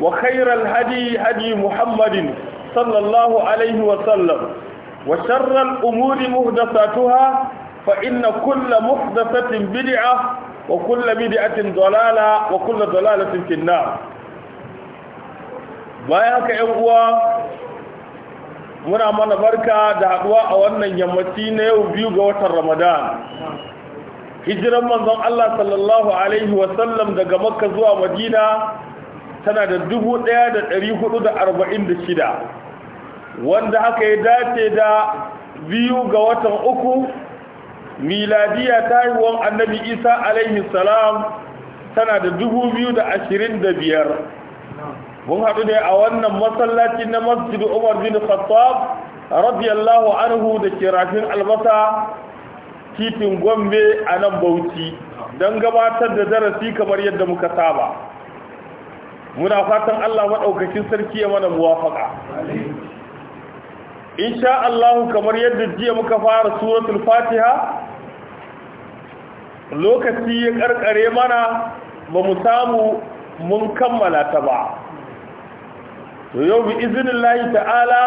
وخير الهدي هدي محمد صلى الله عليه وسلم وشر الأمور مهدساتها فإن كل محدثة بدعة وكل بدعة ضلالة وكل ضلالة في النار 'yan uwa muna mana barka da haɗuwa a wannan yammaci na yau biyu ga watan ramadan hijiran manzon Allah sallallahu alaihi wasallam daga makka zuwa madina tana da ɗaya da da da ɗari arba'in shida wanda haka ya dace da biyu ga watan uku miladiya ta haihuwar annabi isa alaihi salam tana da da da biyar mun haɗu ne a wannan masallaci na masjid umar bin khattab radiyallahu anhu da ke rafin albasa titin gombe a nan bauchi don gabatar da darasi kamar yadda muka saba muna fatan Allah maɗaukacin sarki ya mana muwafaka sha Allah kamar yadda jiya muka fara suratul fatiha lokaci ya karkare mana ba mu samu mun kammala ta ba to yau bi iznillahi ta'ala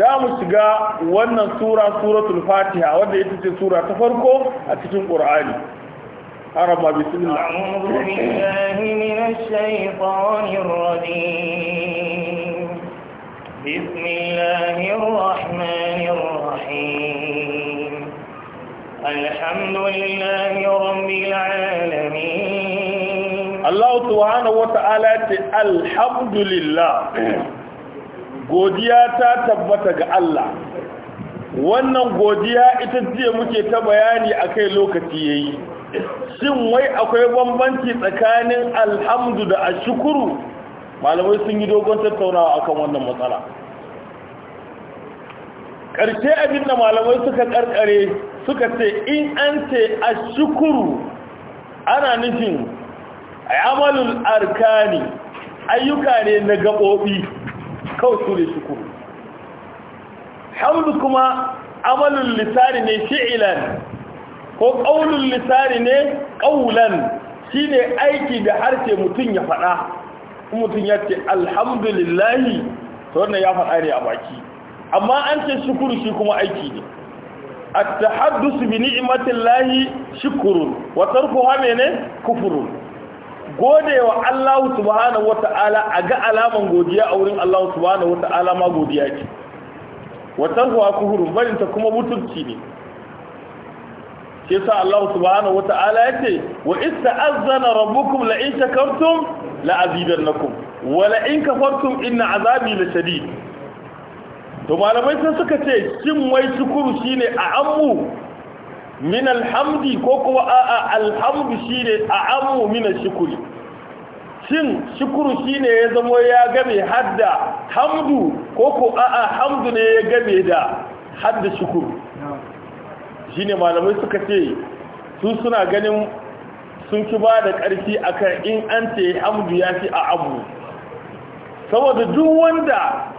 da mu shiga wannan sura suratul fatiha wanda ita ce sura ta farko a cikin Ƙur'ani. أربع بسم الله أعوذ بالله من الشيطان الرجيم بسم الله الرحمن الرحيم الحمد لله رب العالمين الله سبحانه وتعالى الحمد لله godiya ta tabbata ga Allah wannan godiya ita ce muke ta bayani akai lokaci yayi shin wai akwai bambanci tsakanin alhamdu da ashukuru malamai sun yi dogon tattaunawa akan wannan matsala ƙarshe abin da malamai suka ƙarƙare suka ce in an ce ashukuru ana nufin amalul arkani ayyuka ne na gaɓoɓi kawai su ne shukuru hamdu kuma amalul lisani ne shi'ilan ko ƙaunin lissari ne ƙaunan shi ne aiki da harshe mutum ya faɗa mutum ya ce alhamdulillahi ta wannan ya faɗa ne a baki amma an ce shukuru shi kuma aiki ne a ta haddusu bi ni'imatin lahi shukuru watar kuwa mene kufuru gode wa Allah subhanahu wa ta'ala a ga alaman godiya a wurin Allah subhanahu wa ta'ala ma godiya ce watar kuwa kufurun barinta kuma mutunci ne shi yasa Allah subhanahu wata'ala yace wa ista'azzana rabbukum la in shakartum la azidannakum wa la in kafartum inna azabi lashadid to malamai sun suka ce shin wai shukuru shine a ammu min alhamdi ko kuma a'a alhamdu shine a ammu min shukuri shin shukuru shine ya zamo ya game hadda hamdu ko ko a'a hamdu ne ya game da hadda shukuru shine malamai suka ce su suna ganin sun ki ba da ƙarfi akan in an ce hamdu ya fi a abu saboda duk wanda